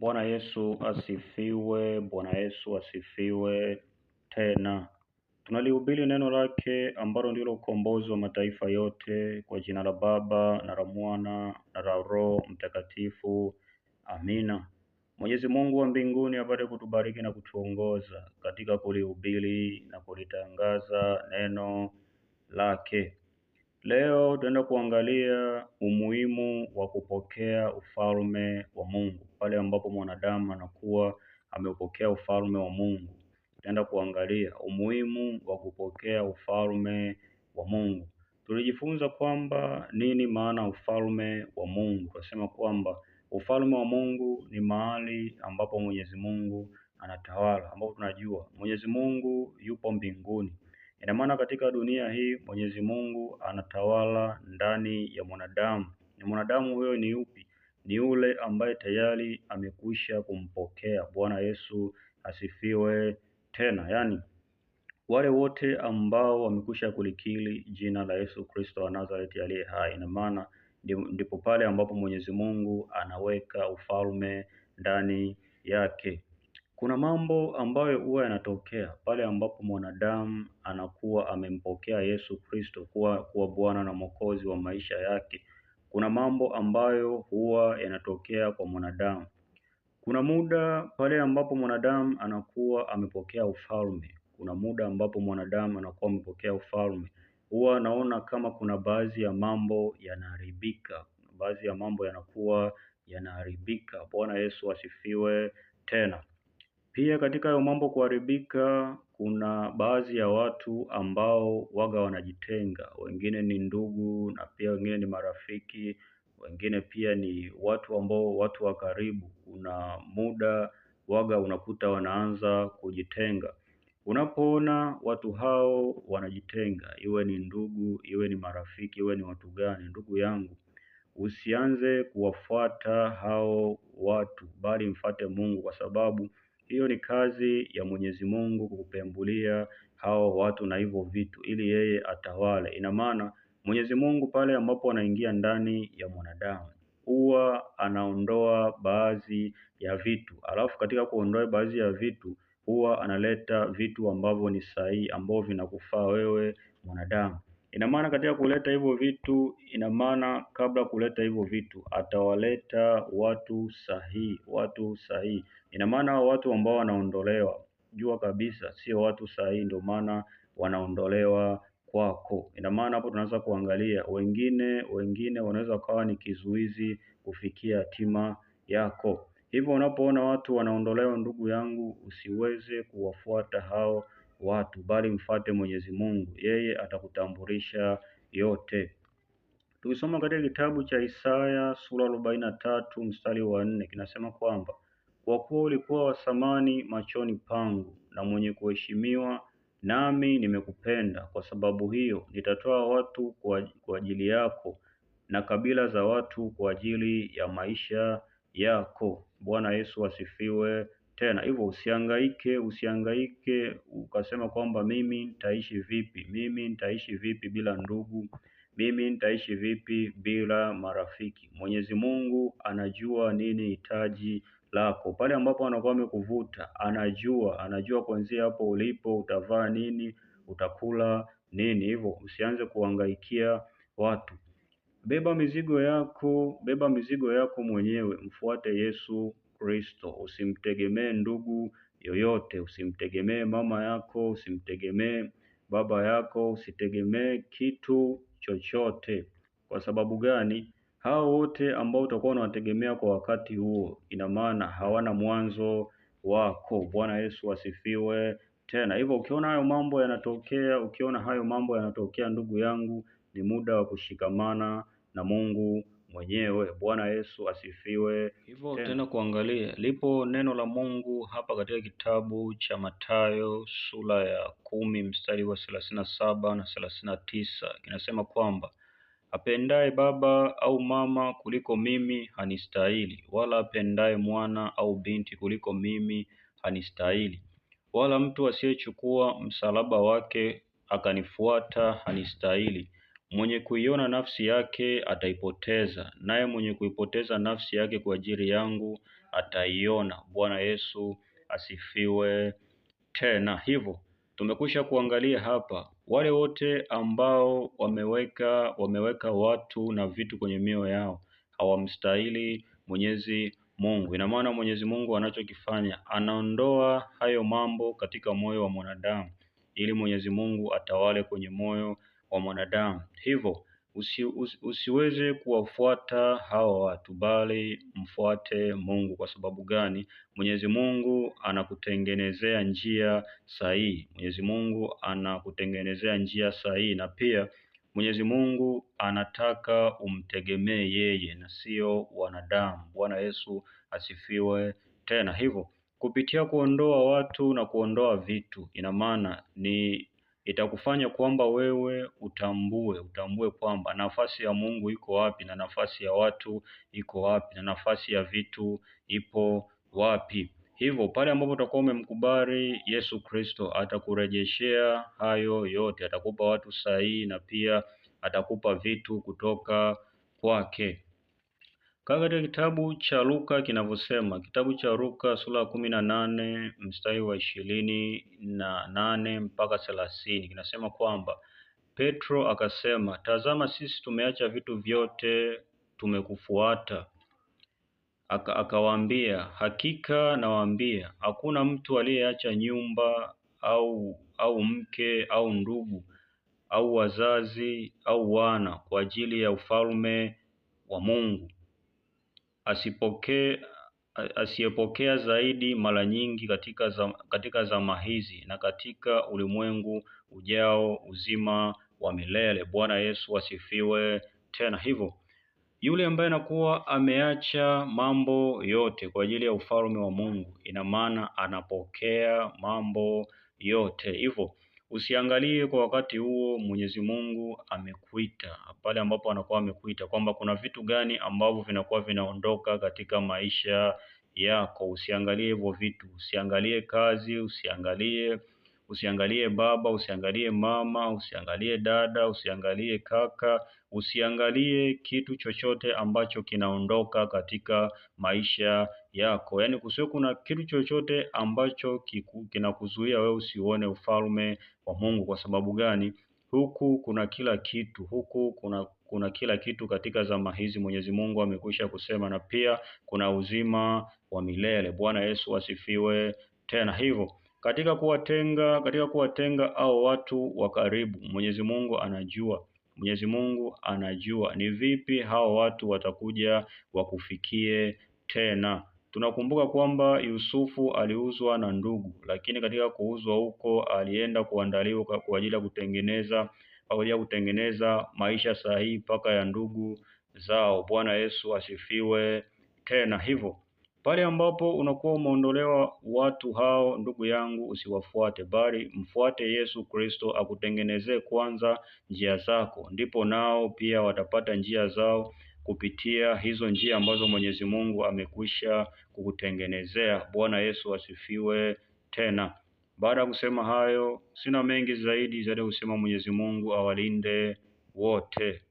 Bwana Yesu asifiwe, Bwana Yesu asifiwe. Tena tunalihubiri neno lake ambalo ndilo ukombozi wa mataifa yote, kwa jina la Baba na la Mwana na la Roho Mtakatifu, amina. Mwenyezi Mungu wa mbinguni apate kutubariki na kutuongoza katika kulihubiri na kulitangaza neno lake. Leo tunaenda kuangalia umuhimu wa kupokea ufalme wa Mungu pale ambapo mwanadamu anakuwa ameupokea ufalme wa Mungu. Tutaenda kuangalia umuhimu wa kupokea ufalme wa Mungu. Tulijifunza kwamba nini maana ufalme wa Mungu. Tunasema kwamba ufalme wa Mungu ni mahali ambapo Mwenyezi Mungu anatawala, ambapo tunajua Mwenyezi Mungu yupo mbinguni. Ina maana katika dunia hii Mwenyezi Mungu anatawala ndani ya mwanadamu. Ni mwanadamu huyo ni yupi? ni yule ambaye tayari amekwisha kumpokea. Bwana Yesu asifiwe tena. Yaani wale wote ambao wamekwisha kulikiri jina la Yesu Kristo wa Nazareti aliye hai, ina maana ndipo pale ambapo Mwenyezi Mungu anaweka ufalme ndani yake. Kuna mambo ambayo huwa yanatokea pale ambapo mwanadamu anakuwa amempokea Yesu Kristo kuwa kuwa Bwana na Mwokozi wa maisha yake kuna mambo ambayo huwa yanatokea kwa mwanadamu. Kuna muda pale ambapo mwanadamu anakuwa amepokea ufalme, kuna muda ambapo mwanadamu anakuwa amepokea ufalme, huwa naona kama kuna baadhi ya mambo yanaharibika, baadhi ya mambo yanakuwa yanaharibika. Bwana Yesu asifiwe tena. Pia katika hayo mambo kuharibika, kuna baadhi ya watu ambao waga wanajitenga, wengine ni ndugu na pia wengine ni marafiki, wengine pia ni watu ambao watu wa karibu. Kuna muda waga unakuta wanaanza kujitenga. Unapoona watu hao wanajitenga, iwe ni ndugu, iwe ni marafiki, iwe ni watu gani, ndugu yangu, usianze kuwafuata hao watu, bali mfate Mungu kwa sababu hiyo ni kazi ya Mwenyezi Mungu kukupembulia hao watu na hivyo vitu, ili yeye atawale. Ina maana Mwenyezi Mungu pale ambapo anaingia ndani ya mwanadamu huwa anaondoa baadhi ya vitu, alafu katika kuondoa baadhi ya vitu huwa analeta vitu ambavyo ni sahihi ambavyo vinakufaa wewe mwanadamu. Ina maana katika kuleta hivyo vitu, ina maana kabla kuleta hivyo vitu atawaleta watu sahihi, watu sahihi. Ina maana hao watu ambao wanaondolewa, jua kabisa sio watu sahihi, ndio maana wanaondolewa kwako. Ina maana hapo tunaweza kuangalia wengine, wengine wanaweza wakawa ni kizuizi kufikia hatima yako. Hivyo unapoona watu wanaondolewa, ndugu yangu, usiweze kuwafuata hao watu, bali mfate Mwenyezi Mungu, yeye atakutambulisha yote. Tukisoma katika kitabu cha Isaya sura arobaini na tatu mstari wa nne kinasema kwamba kwa kuwa ulikuwa wa thamani machoni pangu na mwenye kuheshimiwa, nami nimekupenda. Kwa sababu hiyo nitatoa watu kwa ajili yako na kabila za watu kwa ajili ya maisha yako. Bwana Yesu asifiwe tena. Hivyo usiangaike usiangaike ukasema kwamba mimi nitaishi vipi, mimi nitaishi vipi bila ndugu, mimi nitaishi vipi bila marafiki. Mwenyezi Mungu anajua nini hitaji lako pale ambapo anakuwa amekuvuta, anajua anajua kuanzia hapo ulipo utavaa nini, utakula nini. Hivyo usianze kuangaikia watu. Beba mizigo yako, beba mizigo yako mwenyewe, mfuate Yesu Kristo. Usimtegemee ndugu yoyote, usimtegemee mama yako, usimtegemee baba yako, usitegemee kitu chochote. Kwa sababu gani? Hao wote ambao utakuwa unawategemea kwa wakati huo, ina maana hawana mwanzo wako. Bwana Yesu asifiwe. Tena hivyo, ukiona hayo mambo yanatokea, ukiona hayo mambo yanatokea, ndugu yangu, ni muda wa kushikamana na Mungu mwenyewe. Bwana Yesu asifiwe. Hivyo tena, tena kuangalia lipo neno la Mungu hapa katika kitabu cha Mathayo sura ya kumi mstari wa thelathini na saba na thelathini na tisa kinasema kwamba apendaye baba au mama kuliko mimi hanistahili, wala apendaye mwana au binti kuliko mimi hanistahili, wala mtu asiyechukua msalaba wake akanifuata hanistahili. Mwenye kuiona nafsi yake ataipoteza, naye mwenye kuipoteza nafsi yake kwa ajili yangu ataiona. Bwana Yesu asifiwe. Tena hivyo tumekwisha kuangalia hapa wale wote ambao wameweka wameweka watu na vitu kwenye mioyo yao hawamstahili Mwenyezi Mungu. Ina maana Mwenyezi Mungu anachokifanya anaondoa hayo mambo katika moyo wa mwanadamu ili Mwenyezi Mungu atawale kwenye moyo wa mwanadamu. Hivyo usi, usi, usiweze kuwafuata hawa watu, bali mfuate Mungu. Kwa sababu gani? Mwenyezi Mungu anakutengenezea njia sahihi. Mwenyezi Mungu anakutengenezea njia sahihi, na pia Mwenyezi Mungu anataka umtegemee yeye na sio wanadamu. Bwana Yesu asifiwe tena. Hivyo kupitia kuondoa watu na kuondoa vitu, ina maana ni itakufanya kwamba wewe utambue, utambue kwamba nafasi ya Mungu iko wapi na nafasi ya watu iko wapi na nafasi ya vitu ipo wapi. Hivyo pale ambapo utakuwa umemkubali Yesu Kristo, atakurejeshea hayo yote, atakupa watu sahihi na pia atakupa vitu kutoka kwake. Kama katika kitabu cha Luka kinavyosema, kitabu cha Luka sura ya kumi na nane mstari wa ishirini na nane mpaka thelathini kinasema kwamba Petro akasema, tazama sisi tumeacha vitu vyote tumekufuata. Aka, akawaambia hakika nawaambia, hakuna mtu aliyeacha nyumba au au mke au ndugu au wazazi au wana kwa ajili ya ufalme wa Mungu asipokee asiyepokea zaidi mara nyingi katika zama, katika zama hizi na katika ulimwengu ujao uzima wa milele. Bwana Yesu asifiwe. Tena hivyo yule ambaye anakuwa ameacha mambo yote kwa ajili ya ufalme wa Mungu, ina maana anapokea mambo yote hivyo Usiangalie kwa wakati huo Mwenyezi Mungu amekuita pale ambapo anakuwa amekuita, kwamba kuna vitu gani ambavyo vinakuwa vinaondoka katika maisha yako. Usiangalie hivyo vitu, usiangalie kazi, usiangalie Usiangalie baba, usiangalie mama, usiangalie dada, usiangalie kaka, usiangalie kitu chochote ambacho kinaondoka katika maisha yako. Yaani kusiwe kuna kitu chochote ambacho kinakuzuia wewe usione ufalme wa Mungu. Kwa sababu gani? Huku kuna kila kitu, huku kuna kuna kila kitu katika zama hizi. Mwenyezi Mungu amekwisha kusema, na pia kuna uzima wa milele. Bwana Yesu asifiwe tena hivyo katika kuwatenga, katika kuwatenga au watu wa karibu, Mwenyezi Mungu anajua. Mwenyezi Mungu anajua ni vipi hao watu watakuja wakufikie tena. Tunakumbuka kwamba Yusufu aliuzwa na ndugu, lakini katika kuuzwa huko alienda kuandaliwa kwa ajili ya kutengeneza kwa ajili ya kutengeneza maisha sahihi mpaka ya ndugu zao. Bwana Yesu asifiwe tena hivyo pale ambapo unakuwa umeondolewa watu hao, ndugu yangu, usiwafuate, bali mfuate Yesu Kristo akutengenezee kwanza njia zako, ndipo nao pia watapata njia zao kupitia hizo njia ambazo Mwenyezi Mungu amekwisha kukutengenezea. Bwana Yesu asifiwe. Tena baada ya kusema hayo, sina mengi zaidi zaidi ya kusema Mwenyezi Mungu awalinde wote.